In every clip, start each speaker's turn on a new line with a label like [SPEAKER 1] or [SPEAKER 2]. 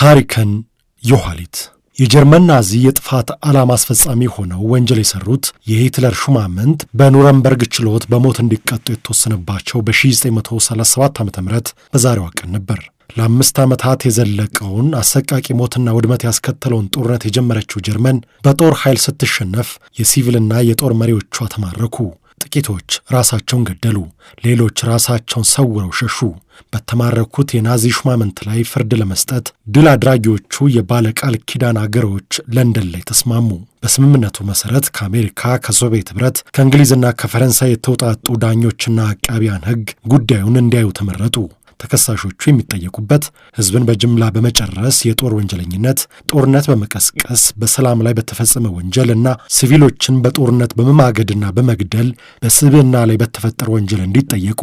[SPEAKER 1] ታሪከን ዮሐሊት የጀርመን ናዚ የጥፋት ዓላማ አስፈጻሚ ሆነው ወንጀል የሰሩት የሂትለር ሹማምንት በኑረንበርግ ችሎት በሞት እንዲቀጡ የተወሰነባቸው በ1937 ዓ ም በዛሬዋ ቀን ነበር። ለአምስት ዓመታት የዘለቀውን አሰቃቂ ሞትና ውድመት ያስከተለውን ጦርነት የጀመረችው ጀርመን በጦር ኃይል ስትሸነፍ የሲቪልና የጦር መሪዎቿ ተማረኩ። ጥቂቶች ራሳቸውን ገደሉ፣ ሌሎች ራሳቸውን ሰውረው ሸሹ። በተማረኩት የናዚ ሹማምንት ላይ ፍርድ ለመስጠት ድል አድራጊዎቹ የባለቃል ኪዳን አገሮች ለንደን ላይ ተስማሙ። በስምምነቱ መሰረት ከአሜሪካ፣ ከሶቪየት ህብረት፣ ከእንግሊዝና ከፈረንሳይ የተውጣጡ ዳኞችና አቃቢያን ህግ ጉዳዩን እንዲያዩ ተመረጡ። ተከሳሾቹ የሚጠየቁበት ህዝብን በጅምላ በመጨረስ የጦር ወንጀለኝነት፣ ጦርነት በመቀስቀስ በሰላም ላይ በተፈጸመ ወንጀል እና ሲቪሎችን በጦርነት በመማገድና በመግደል በስብዕና ላይ በተፈጠረ ወንጀል እንዲጠየቁ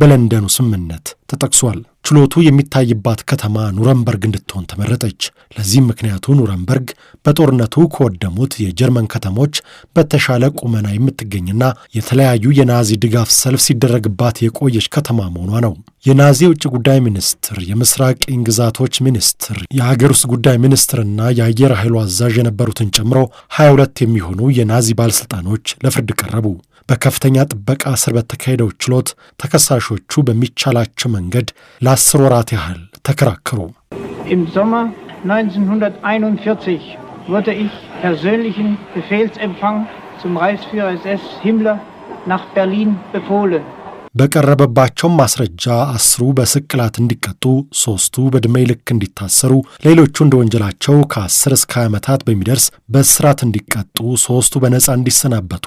[SPEAKER 1] በለንደኑ ስምምነት ተጠቅሷል። ችሎቱ የሚታይባት ከተማ ኑረምበርግ እንድትሆን ተመረጠች። ለዚህም ምክንያቱ ኑረምበርግ በጦርነቱ ከወደሙት የጀርመን ከተሞች በተሻለ ቁመና የምትገኝና የተለያዩ የናዚ ድጋፍ ሰልፍ ሲደረግባት የቆየች ከተማ መሆኗ ነው። የናዚ የውጭ ጉዳይ ሚኒስትር፣ የምስራቅ ቅኝ ግዛቶች ሚኒስትር፣ የሀገር ውስጥ ጉዳይ ሚኒስትርና የአየር ኃይሉ አዛዥ የነበሩትን ጨምሮ 22 የሚሆኑ የናዚ ባለሥልጣኖች ለፍርድ ቀረቡ። በከፍተኛ ጥበቃ ስር በተካሄደው ችሎት ተከሳሾቹ በሚቻላቸው መንገድ ለአስር ወራት ያህል ተከራከሩ። Im በቀረበባቸውም ማስረጃ አስሩ በስቅላት እንዲቀጡ፣ ሶስቱ በዕድሜ ልክ እንዲታሰሩ፣ ሌሎቹ እንደ ወንጀላቸው ከ10 እስከ 20 ዓመታት በሚደርስ በእስራት እንዲቀጡ፣ ሶስቱ በነፃ እንዲሰናበቱ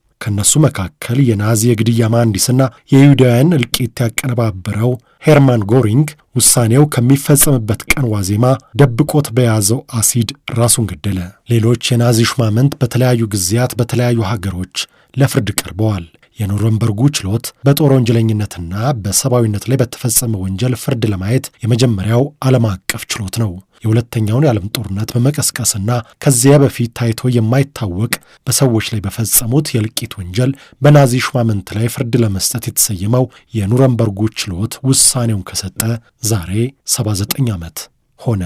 [SPEAKER 1] ከእነሱ መካከል የናዚ የግድያ መሐንዲስና የይሁዳውያን እልቂት ያቀነባበረው ሄርማን ጎሪንግ ውሳኔው ከሚፈጸምበት ቀን ዋዜማ ደብቆት በያዘው አሲድ ራሱን ገደለ። ሌሎች የናዚ ሹማምንት በተለያዩ ጊዜያት በተለያዩ ሀገሮች ለፍርድ ቀርበዋል። የኑረምበርጉ ችሎት በጦር ወንጀለኝነትና በሰብአዊነት ላይ በተፈጸመ ወንጀል ፍርድ ለማየት የመጀመሪያው ዓለም አቀፍ ችሎት ነው። የሁለተኛውን የዓለም ጦርነት በመቀስቀስና ከዚያ በፊት ታይቶ የማይታወቅ በሰዎች ላይ በፈጸሙት የእልቂት ወንጀል በናዚ ሹማምንት ላይ ፍርድ ለመስጠት የተሰየመው የኑረምበርጉ ችሎት ውሳኔውን ከሰጠ ዛሬ 79 ዓመት ሆነ።